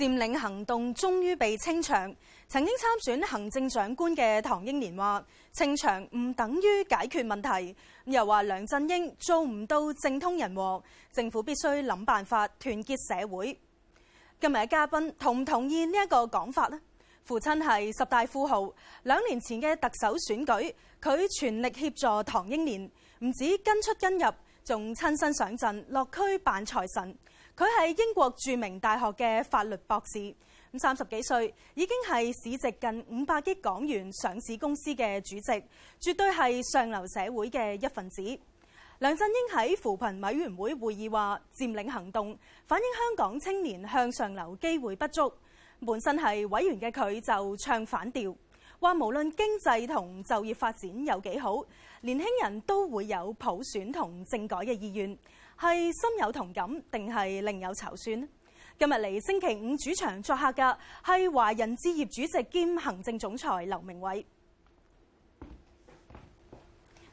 佔領行動終於被清場，曾經參選行政長官嘅唐英年話：清場唔等於解決問題，又話梁振英做唔到政通人和，政府必須諗辦法團結社會。今日嘅嘉賓同唔同意呢一個講法咧？父親係十大富豪，兩年前嘅特首選舉，佢全力協助唐英年，唔止跟出跟入，仲親身上陣落區扮財神。佢係英國著名大學嘅法律博士，三十幾歲，已經係市值近五百億港元上市公司嘅主席，絕對係上流社會嘅一份子。梁振英喺扶貧委員會會議話佔領行動反映香港青年向上流機會不足，本身係委員嘅佢就唱反調，話無論經濟同就業發展有幾好，年輕人都會有普選同政改嘅意願。係心有同感定係另有籌算呢？今日嚟星期五主場作客嘅係華人置業主席兼行政總裁劉鳴煒。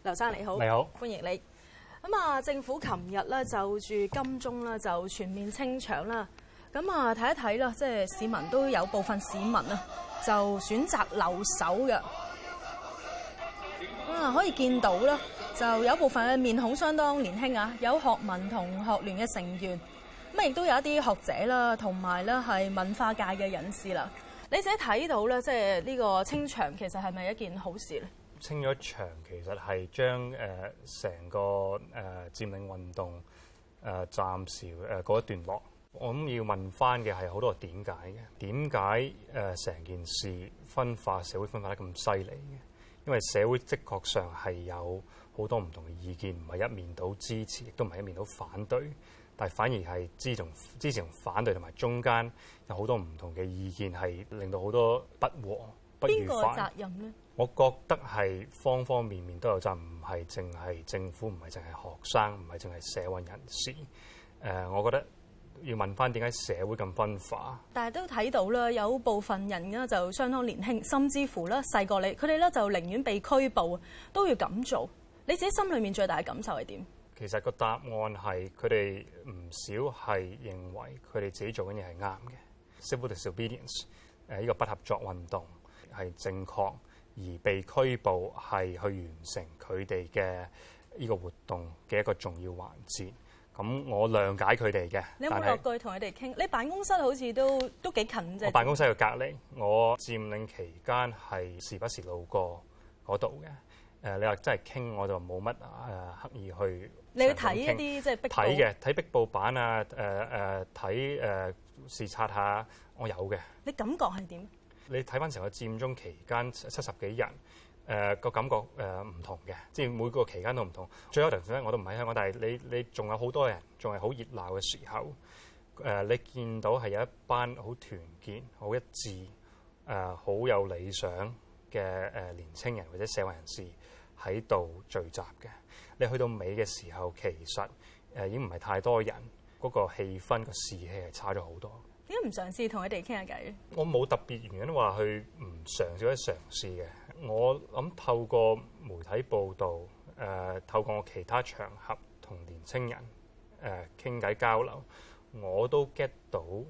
劉生你好，你好，你好，歡迎你。咁啊，政府琴日咧就住金鐘就全面清場啦。咁啊，睇一睇啦，即係市民都有部分市民啊，就選擇留守嘅。啊、可以見到啦，就有部分嘅面孔相當年輕啊，有學民同學聯嘅成員，咁亦都有一啲學者啦，同埋咧係文化界嘅人士啦。你自己睇到咧，即係呢個清場其實係咪一件好事咧？清咗場其實係將誒成個誒佔領運動誒暫時誒嗰一段落。我諗要問翻嘅係好多點解嘅？點解誒成件事分化社會分化得咁犀利嘅？因為社會的確上係有好多唔同嘅意見，唔係一面倒支持，亦都唔係一面倒反對，但係反而係支持、支持同反對同埋中間有好多唔同嘅意見，係令到好多不和、不愉快。邊個責任咧？我覺得係方方面面都有責任，唔係淨係政府，唔係淨係學生，唔係淨係社會人士。誒、呃，我覺得。要問翻點解社會咁分化？但係都睇到啦，有部分人呢就相當年輕，甚至乎咧細過你。佢哋咧就寧願被拘捕，都要咁做。你自己心裡面最大嘅感受係點？其實個答案係佢哋唔少係認為佢哋自己做緊嘢係啱嘅，civil disobedience。誒，呢個不合作運動係正確，而被拘捕係去完成佢哋嘅呢個活動嘅一個重要環節。咁我諒解佢哋嘅，你有冇落去同佢哋傾？你辦公室好似都都幾近啫。我辦公室個隔離，我佔領期間係時不時路過嗰度嘅。誒、呃，你話真係傾，我就冇乜誒刻意去。你要睇一啲談即係壁報？睇嘅，睇壁報版啊，誒、呃、誒，睇、呃、誒、呃、視察下，我有嘅。你感覺係點？你睇翻成個佔中期間七十幾日。誒個、呃、感覺誒唔、呃、同嘅，即係每個期間都唔同。最後嗰陣我都唔喺香港，但係你你仲有好多人，仲係好熱鬧嘅時候誒、呃，你見到係有一班好團結、好一致、誒、呃、好有理想嘅誒、呃、年青人或者社會人士喺度聚集嘅。你去到尾嘅時候，其實誒、呃、已經唔係太多人，嗰、嗰個氣氛、個士氣係差咗好多。點解唔嘗試同佢哋傾下偈？我冇特別原因話去唔嘗試去嘗試嘅。我諗透過媒體報導，誒、呃、透過我其他場合同年青人誒傾偈交流，我都 get 到誒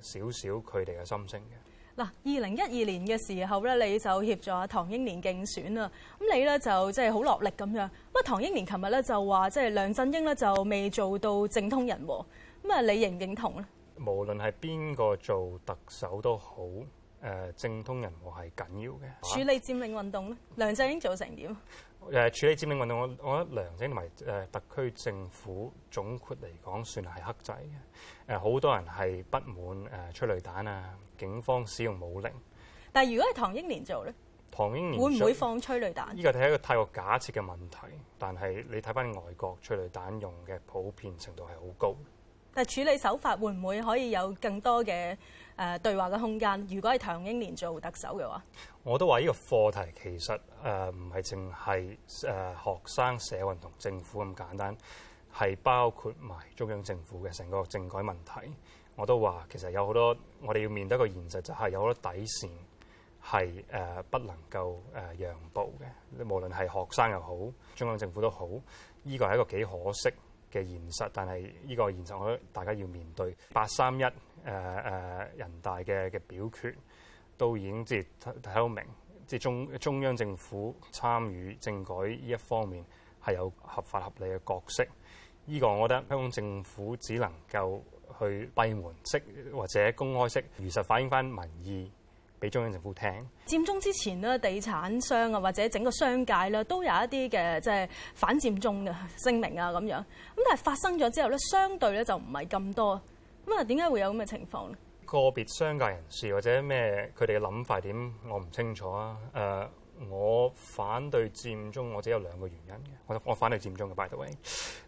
少少佢哋嘅心聲嘅。嗱、啊，二零一二年嘅時候咧，你就協助阿唐英年競選啦。咁你咧就即係好落力咁樣。咁啊，唐英年琴日咧就話即係梁振英咧就未做到政通人和喎。咁啊，你認唔認同咧？無論係邊個做特首都好。誒政通人和係緊要嘅。處理佔領運動咧，梁振英做成點？誒處理佔領運動，我我覺得梁振英同埋誒特區政府總括嚟講，算係克制嘅。誒好多人係不滿誒催淚彈啊，警方使用武力。但係如果係唐英年做咧，唐英年會唔會放催淚彈？呢個睇一個太過假設嘅問題。但係你睇翻外國催淚彈用嘅普遍程度係好高。但係處理手法會唔會可以有更多嘅？誒、uh, 對話嘅空間，如果係唐英年做特首嘅話，我都話呢個課題其實誒唔係淨係誒學生社運同政府咁簡單，係包括埋中央政府嘅成個政改問題。我都話其實有好多我哋要面對一個現實就係有好多底線係誒、呃、不能夠誒、呃、讓步嘅，無論係學生又好，中央政府都好。呢、這個係一個幾可惜嘅現實，但係呢個現實我覺得大家要面對。八三一。誒誒、呃呃、人大嘅嘅表決都已經即係睇到明，即係中中央政府參與政改呢一方面係有合法合理嘅角色。呢、呢個我覺得香港政府只能夠去閉門式或者公開式，如實反映翻民意俾中央政府聽。佔中之前呢，地產商啊或者整個商界咧、啊、都有一啲嘅即係反佔中嘅聲明啊咁樣。咁但係發生咗之後咧，相對咧就唔係咁多。咁啊？點解會有咁嘅情況咧？個別商界人士或者咩佢哋嘅諗法點，我唔清楚啊。誒、uh,，我反對佔中，我只有兩個原因嘅。我我反對佔中嘅。By the way，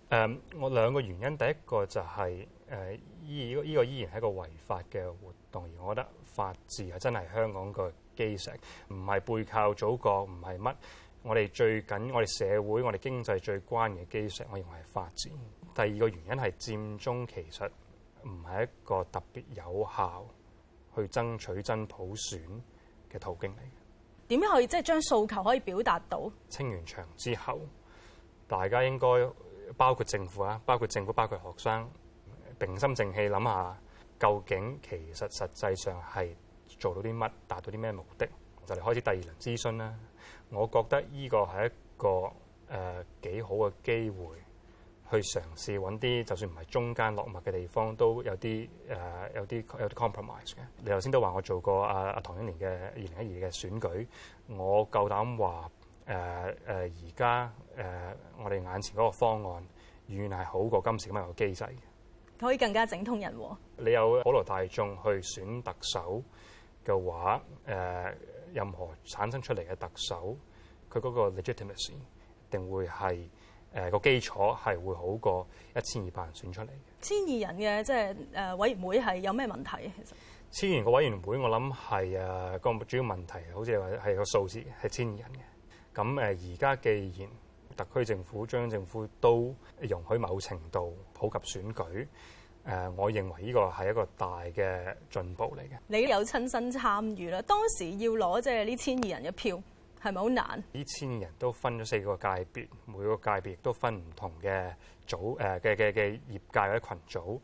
誒、um,，我兩個原因，第一個就係、是、誒、uh, 依依、這個依然係一個違法嘅活動，而我覺得法治係真係香港個基石，唔係背靠祖國，唔係乜。我哋最緊，我哋社會，我哋經濟最關嘅基石，我認為係法治。第二個原因係佔中其實，唔係一個特別有效去爭取真普選嘅途徑嚟嘅。點樣可以即係、就是、將訴求可以表達到？清完場之後，大家應該包括政府啊，包括政府，包括學生，平心靜氣諗下，究竟其實實際上係做到啲乜，達到啲咩目的，就嚟開始第二輪諮詢啦。我覺得呢個係一個誒幾、呃、好嘅機會。去嘗試揾啲就算唔係中間落墨嘅地方，都有啲誒、uh，有啲有啲 compromise 嘅。你頭先都話我做過阿阿、uh, 唐英年嘅二零一二嘅選舉，我夠膽話誒誒而家誒我哋眼前嗰個方案遠係好過今時噉樣嗰個機制嘅，可以更加政通人和。你有普羅大眾去選特首嘅話，誒、uh, 任何產生出嚟嘅特首，佢嗰個 legitimacy 定會係？誒個基礎係會好過一千二百人選出嚟。千二人嘅即係誒委員會係有咩問題？其實千二人嘅委員會，我諗係誒個主要問題，好似話係個數字係千二人嘅。咁誒而家既然特區政府、中央政府都容許某程度普及選舉，誒，我認為呢個係一個大嘅進步嚟嘅。你有親身參與啦，當時要攞即係呢千二人嘅票。係咪好難？呢千人都分咗四個界別，每個界別亦都分唔同嘅組，誒嘅嘅嘅業界或者群組，誒、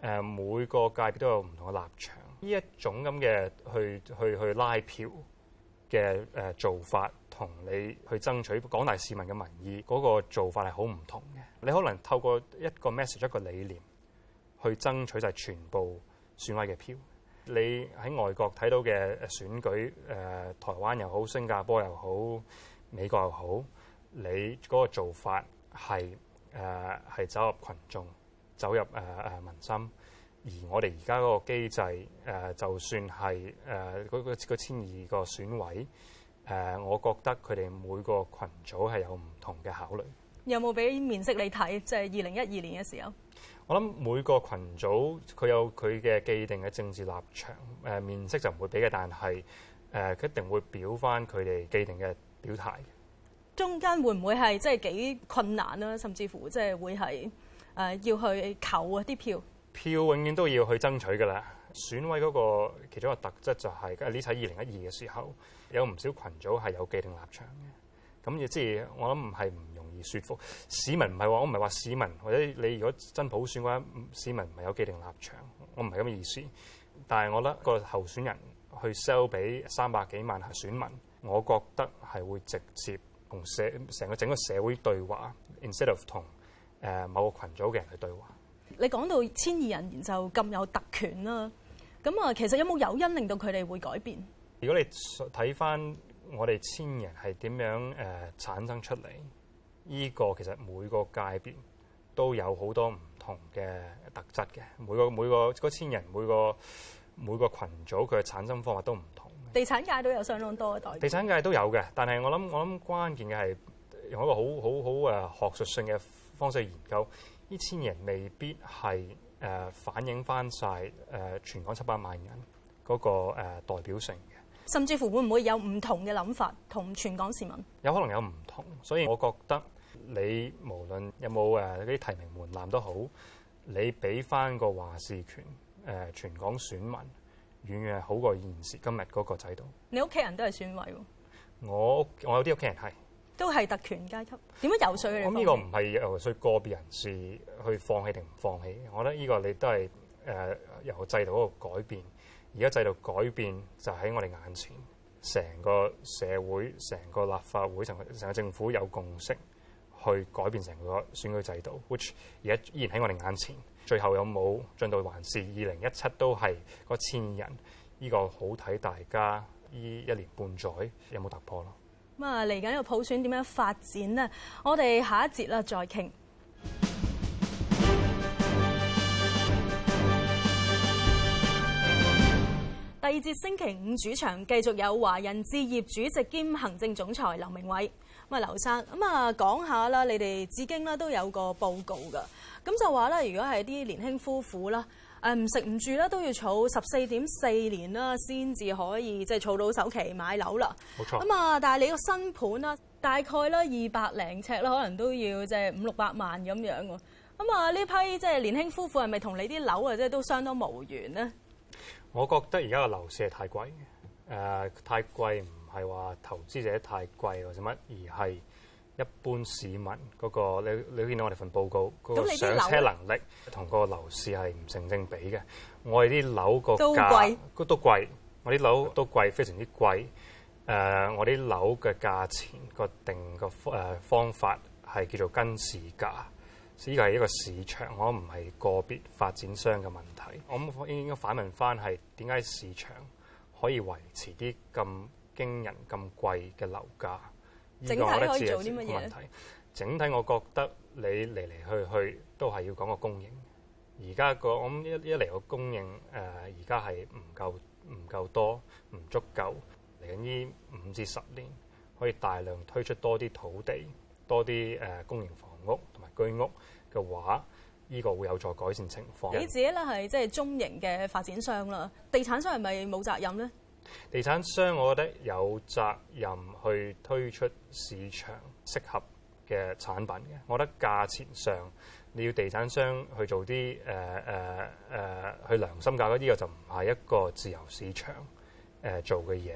呃、每個界別都有唔同嘅立場。呢一種咁嘅去去去拉票嘅誒、呃、做法，同你去爭取廣大市民嘅民意嗰、那個做法係好唔同嘅。你可能透過一個 message 一個理念去爭取就曬全部選委嘅票。你喺外國睇到嘅選舉，誒、呃、台灣又好，新加坡又好，美國又好，你嗰個做法係誒係走入群眾，走入誒誒、呃、民心，而我哋而家嗰個機制誒、呃、就算係誒嗰個嗰千二個選委，誒、呃、我覺得佢哋每個群組係有唔同嘅考慮。有冇俾面色你睇？即係二零一二年嘅時候，我諗每個群組佢有佢嘅既定嘅政治立場，誒、呃、面色就唔會俾嘅，但係誒佢一定會表返佢哋既定嘅表態。中間會唔會係即係幾困難啦？甚至乎即係會係誒、呃、要去求一啲票票，票永遠都要去爭取㗎喇。選委嗰個其中一個特質就係、是、呢？喺二零一二嘅時候有唔少群組係有既定立場嘅，咁亦即係我諗唔係唔。而説服市民唔係話，我唔係話市民或者你如果真普選嘅話，市民唔係有既定立場，我唔係咁嘅意思。但係我覺得個候選人去 sell 俾三百幾萬個選民，我覺得係會直接同社成個整個社會對話，instead of 同誒、呃、某個群組嘅人去對話。你講到千二人就咁有特權啦、啊，咁啊，其實有冇誘因令到佢哋會改變？如果你睇翻我哋千二人係點樣誒、呃、產生出嚟？呢個其實每個界別都有好多唔同嘅特質嘅，每個每個嗰千人每個每個群組佢嘅產生方法都唔同。地產界都有相當多嘅代表。地產界都有嘅，但係我諗我諗關鍵嘅係用一個好好好誒學術性嘅方式去研究，呢千人未必係誒、啊、反映翻晒誒全港七百萬人嗰個、那個、啊、代表性嘅。甚至乎會唔會有唔同嘅諗法同全港市民？有可能有唔同，所以我覺得。你無論有冇誒啲提名門檻都好，你俾翻個話事權誒、啊、全港選民，遠遠係好過現時今日嗰個制度。你屋企人都係選委喎，我我有啲屋企人係都係特權階級，點樣游説？咁呢個唔係游説個別人士去放棄定唔放棄，我覺得呢個你都係誒、啊、由制度嗰度改變。而家制度改變就喺我哋眼前，成個社會、成個立法會、成成個政府有共識。去改變成個選舉制度，which 而家依然喺我哋眼前。最後有冇進度，還是二零一七都係個千人？呢、呢個好睇大家呢一年半載有冇突破咯。咁啊，嚟緊呢個普選點樣發展呢？我哋下一節啦，再傾。第二節星期五主場繼續有華人置業主席兼行政總裁劉鳴煒。咁啊，劉生咁啊，講下啦，你哋至今咧都有個報告噶，咁就話咧，如果係啲年輕夫婦啦，誒唔食唔住啦，都要儲十四點四年啦，先至可以即係儲到首期買樓啦。冇錯。咁啊，但係你個新盤啦，大概啦，二百零尺啦，可能都要即係五六百萬咁樣喎。咁啊，呢批即係年輕夫婦係咪同你啲樓啊，即係都相當無緣呢？我覺得而家個樓市太貴嘅、呃，太貴唔～係話投資者太貴，或者乜而係一般市民嗰個，你你見到我哋份報告、嗰個上車能力同個樓市係唔成正比嘅。我哋啲樓個價都貴都貴，我啲樓都貴，非常之貴。誒、uh，我啲樓嘅價錢個定個誒方法係叫做跟市價。呢個係一個市場，我唔係個別發展商嘅問題。我咁應該反問翻係點解市場可以維持啲咁？驚人咁貴嘅樓價，依個咧自然有問題。整體我覺得，你嚟嚟去去都係要講個供應的。而家個我一一嚟個供應，誒而家係唔夠、唔夠多、唔足夠。嚟緊呢五至十年可以大量推出多啲土地、多啲誒、呃、公營房屋同埋居屋嘅話，呢、呢個會有助改善情況。你自己咧係即係中型嘅發展商啦，地產商係咪冇責任咧？地產商，我覺得有責任去推出市場適合嘅產品嘅。我覺得價錢上，你要地產商去做啲誒誒誒去良心價嗰啲，這個、就唔係一個自由市場誒、呃、做嘅嘢。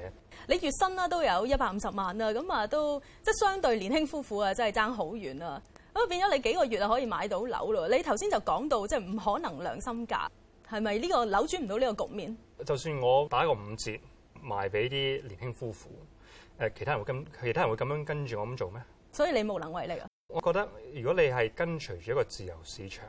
你月薪啦都有一百五十萬啦，咁啊都即係相對年輕夫婦啊，真係爭好遠啊！咁變咗你幾個月啊可以買到樓咯。你頭先就講到即係唔可能良心價，係咪呢個扭轉唔到呢個局面？就算我打一個五折。賣俾啲年輕夫婦，誒其他人會跟，其他人會咁樣跟住我咁做咩？所以你無能為力啊！我覺得如果你係跟隨住一個自由市場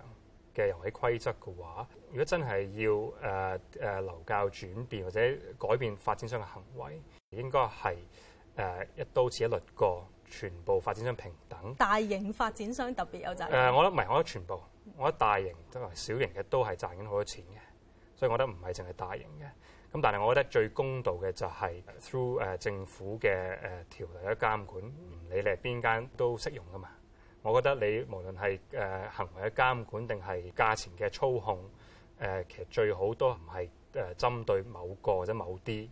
嘅遊戲規則嘅話，如果真係要、呃呃呃、流誒樓價轉變或者改變發展商嘅行為，應該係、呃、一刀切一律過，全部發展商平等。大型發展商特別有責任、呃。我覺得唔係，我覺得全部，我覺得大型即係小型嘅都係賺緊好多錢嘅，所以我覺得唔係淨係大型嘅。咁但係我覺得最公道嘅就係 through 誒政府嘅誒條例嘅監管，唔理你哋邊間都適用噶嘛？我覺得你無論係誒行為嘅監管定係價錢嘅操控，誒其實最好都唔係誒針對某個或者某啲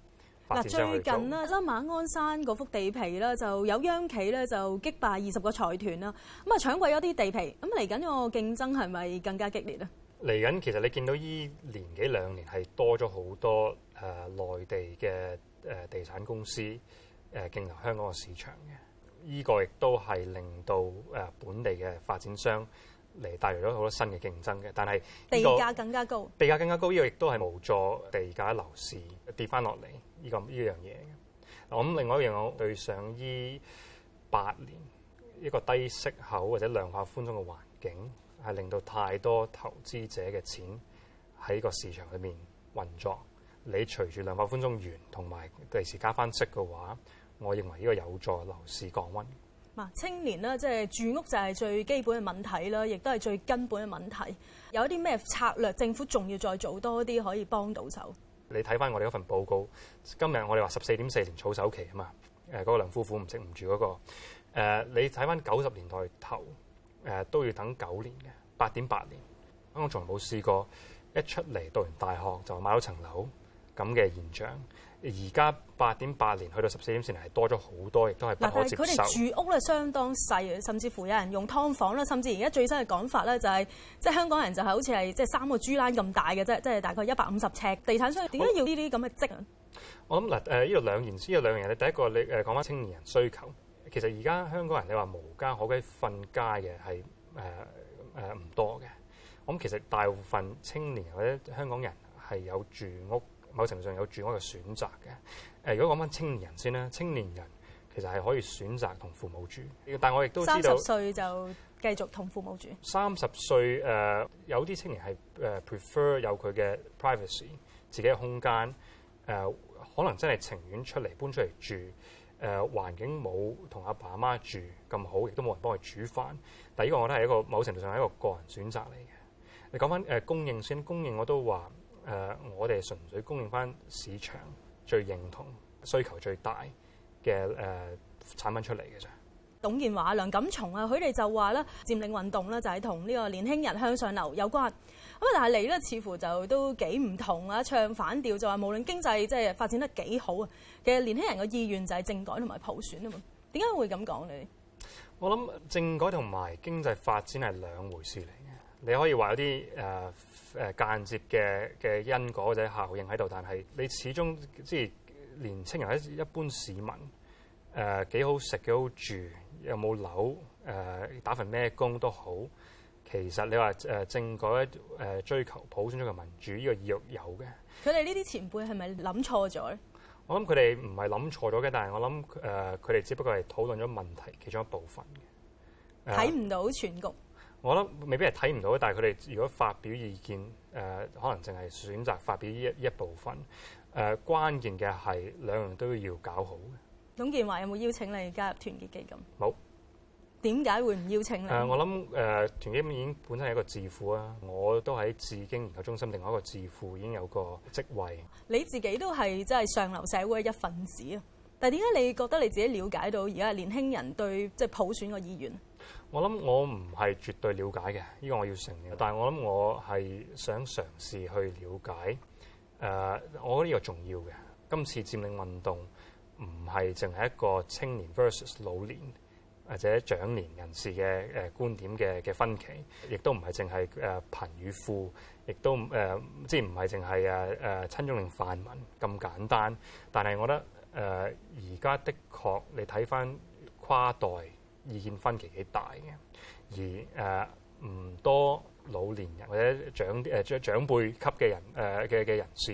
發展商去做。嗱，最近呢，即係馬鞍山嗰幅地皮啦，就有央企咧就擊敗二十個財團啦，咁啊搶貴咗啲地皮，咁嚟緊呢個競爭係咪更加激烈咧？嚟緊，其實你見到依年幾兩年係多咗好多誒、呃、內地嘅誒、呃、地產公司誒競投香港嘅市場嘅，呢、這個亦都係令到誒、呃、本地嘅發展商嚟帶來咗好多新嘅競爭嘅。但係地、這個、價更加高，地價更加高，呢、這個亦都係無助地價樓市跌翻落嚟呢咁呢樣嘢。我諗咁另外一樣，我對上依八年一個低息口或者量化寬鬆嘅環境。係令到太多投資者嘅錢喺個市場裏面運作，你隨住量化寬鬆完同埋第時加翻息嘅話，我認為呢個有助樓市降溫。嗱，青年咧，即、就、係、是、住屋就係最基本嘅問題啦，亦都係最根本嘅問題。有一啲咩策略，政府仲要再做多啲可以幫到手？你睇翻我哋嗰份報告，今日我哋話十四點四年湊首期啊嘛，誒、那、嗰個兩夫婦唔識唔住嗰、那個你睇翻九十年代頭。誒、呃、都要等九年嘅八點八年，香港從來冇試過一出嚟讀完大學就買咗層樓咁嘅現象。而家八點八年去到十四點四年係多咗好多，亦都係不可接受。但係佢哋住屋咧，相當細，甚至乎有人用劏房啦，甚至而家最新嘅講法咧就係、是，即係香港人就係好似係即係三個豬欄咁大嘅啫，即係大，大概一百五十尺。地產商點解要呢啲咁嘅積啊？好樣我諗嗱誒，呢、呃、度兩言先，有兩樣嘢。第一個你誒、呃、講翻青年人需求。其實而家香港人你話無家可歸瞓街嘅係唔多嘅。咁其實大部分青年或者香港人係有住屋，某程度上有住屋嘅選擇嘅、呃。如果講返青年人先啦，青年人其實係可以選擇同父母住，但係我亦都知道三十歲就繼續同父母住。三十歲、呃、有啲青年係 prefer 有佢嘅 privacy，自己嘅空間、呃、可能真係情願出嚟搬出嚟住。誒、呃、環境冇同阿爸阿媽，媽住咁好，亦都冇人幫佢煮飯。但係呢個我都係一個某程度上係一個個人選擇嚟嘅。你講翻誒供應先，供應我都話誒、呃，我哋純粹供應翻市場最認同、需求最大嘅誒、呃、產品出嚟嘅啫。董建華、梁錦松啊，佢哋就話咧佔領運動咧就係同呢個年輕人向上流有關。咁啊！但係你咧，似乎就都幾唔同啊。唱反調就話無論經濟即係發展得幾好啊，其實年輕人嘅意願就係政改同埋普選啊嘛。點解會咁講呢？我諗政改同埋經濟發展係兩回事嚟嘅。你可以話有啲誒誒間接嘅嘅因果或者效應喺度，但係你始終即係年青人喺一般市民誒、呃、幾好食幾好住，有冇樓誒、呃、打份咩工都好。其實你話誒，政改，誒追求普選，追求民主呢個意欲有嘅，佢哋呢啲前輩係咪諗錯咗咧？我諗佢哋唔係諗錯咗嘅，但係我諗誒佢哋只不過係討論咗問題其中一部分嘅，睇唔到全局。啊、我諗未必係睇唔到，但係佢哋如果發表意見誒、呃，可能淨係選擇發表一一部分。誒、呃、關鍵嘅係兩樣都要搞好。董建華有冇邀請你加入團結基金？冇。點解會唔邀請咧？誒、呃，我諗誒、呃，團結已經本身係一個智庫啊！我都喺智經研究中心另外一個智庫已經有個職位。你自己都係即係上流社會一份子啊！但係點解你覺得你自己了解到而家年輕人對即係普選嘅意願？我諗我唔係絕對了解嘅，呢、這個我要承認。但係我諗我係想嘗試去了解誒、呃，我覺得呢個重要嘅。今次佔領運動唔係淨係一個青年 versus 老年。或者長年人士嘅誒、呃、觀點嘅嘅分歧，亦都唔係淨係誒貧與富，亦都誒、呃、即係唔係淨係誒誒親中定泛民咁簡單。但係我覺得誒而家的確你睇翻跨代意見分歧幾大嘅，而誒唔、呃、多老年人或者長誒長、呃、長輩級嘅人誒嘅嘅人士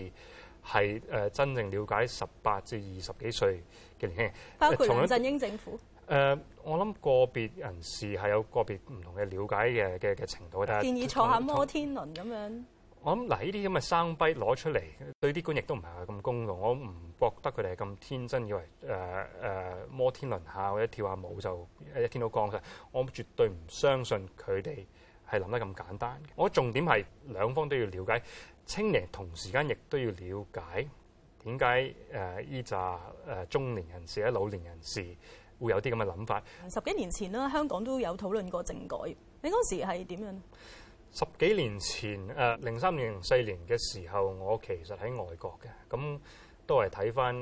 係誒、呃、真正了解十八至二十幾歲嘅年輕人，包括梁從振英政府。誒、呃，我諗個別人士係有個別唔同嘅了解嘅嘅嘅程度，但係建議坐下摩天輪咁樣。我諗嗱，呢啲咁嘅 soundbite 攞出嚟，對啲官亦都唔係話咁公道。我唔覺得佢哋係咁天真，以為誒誒、呃呃、摩天輪下或者跳下舞就一天都光晒。我絕對唔相信佢哋係諗得咁簡單。我重點係兩方都要了解，青年同時間亦都要了解點解誒依扎誒中年人士咧、老年人士。會有啲咁嘅諗法。十幾年前啦，香港都有討論過政改。你嗰時係點樣？十幾年前，誒零三年、零四年嘅時候，我其實喺外國嘅，咁、嗯、都係睇翻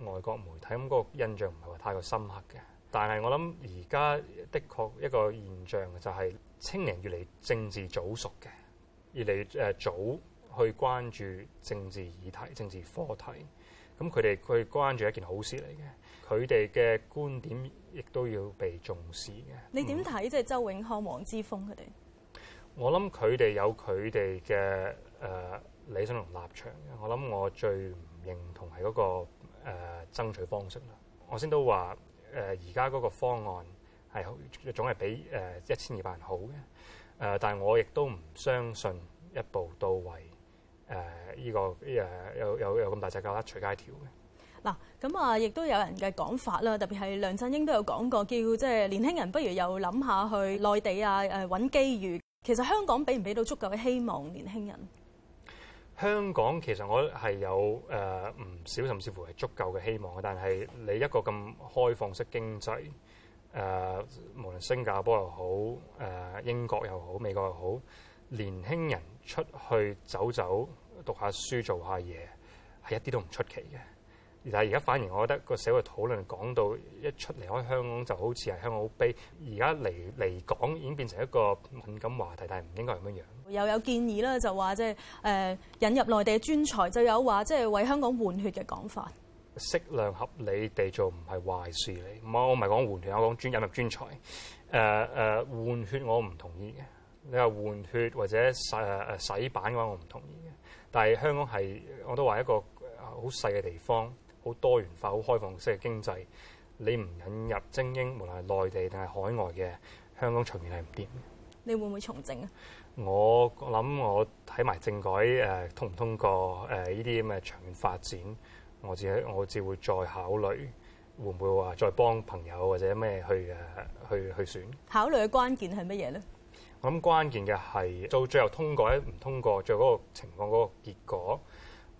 誒外國媒體，咁、嗯、嗰、那個印象唔係話太過深刻嘅。但係我諗而家的確一個現象就係青年越嚟政治早熟嘅，越嚟誒早去關注政治議題、政治課題。咁佢哋去關注一件好事嚟嘅。佢哋嘅觀點亦都要被重視嘅，嗯。你點睇即係周永康、黃之鋒，佢哋、呃？我諗佢哋有佢哋嘅誒理想同立場嘅。我諗我最唔認同係嗰、那個誒、呃、爭取方式啦。我先都話誒而家嗰個方案係好總係比誒一千二百人好嘅。誒、呃，但係我亦都唔相信一步到位誒呢、呃這個誒、呃、有有有咁大隻狗甩隨街條嘅。嗱咁啊，亦都有人嘅講法啦。特別係梁振英都有講過，叫即係年輕人不如又諗下去內地啊，誒搵機遇。其實香港俾唔俾到足夠嘅希望年輕人？香港其實我係有誒唔少，呃、甚至乎係足夠嘅希望嘅。但係你一個咁開放式經濟誒、呃、無論新加坡又好誒、呃、英國又好，美國又好，年輕人出去走走、讀下書做下嘢，係一啲都唔出奇嘅。但係而家反而，我覺得個社會討論講到一出嚟，離開香港就好似係香港好悲。而家嚟嚟講已經變成一個敏感話題，但係唔應該咁樣樣。又有，有建議啦，就話即係誒引入內地專才，就有話即係為香港換血嘅講法。適量合理地做唔係壞事嚟，我唔係講換血，我講專引入專才。誒、呃、誒、呃、換血我唔同意嘅，你話換血或者洗誒、呃、洗版嘅話，我唔同意嘅。但係香港係我都話一個好細嘅地方。好多元化、好開放式嘅經濟，你唔引入精英，無論係內地定係海外嘅香港場面係唔掂。你會唔會從政，我想我政啊？我我諗我睇埋政改誒通唔通過誒呢啲咁嘅場面發展，我只係我只會再考慮會唔會話再幫朋友或者咩去誒、啊、去去選。考慮嘅關鍵係乜嘢咧？咁關鍵嘅係，到最有通過唔通過，最嗰個情況嗰、那個結果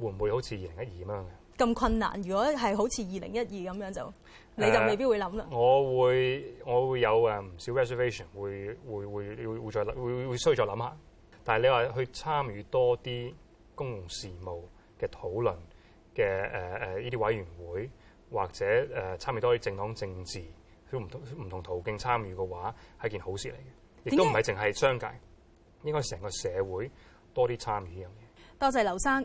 會唔會好似二零一二咁樣的咁困難，如果係好似二零一二咁樣，就你就未必會諗啦、呃。我會我會有誒唔少 reservation，會會會會再會會需要再諗下。但係你話去參與多啲公共事務嘅討論嘅誒誒呢啲委員會，或者誒、呃、參與多啲政黨政治，都唔同唔同途徑參與嘅話，係一件好事嚟嘅，亦都唔係淨係商界，應該成個社會多啲參與呢樣嘢。多謝劉生。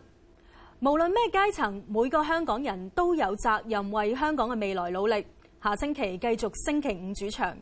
無論咩階層，每個香港人都有責任為香港嘅未來努力。下星期繼續星期五主場。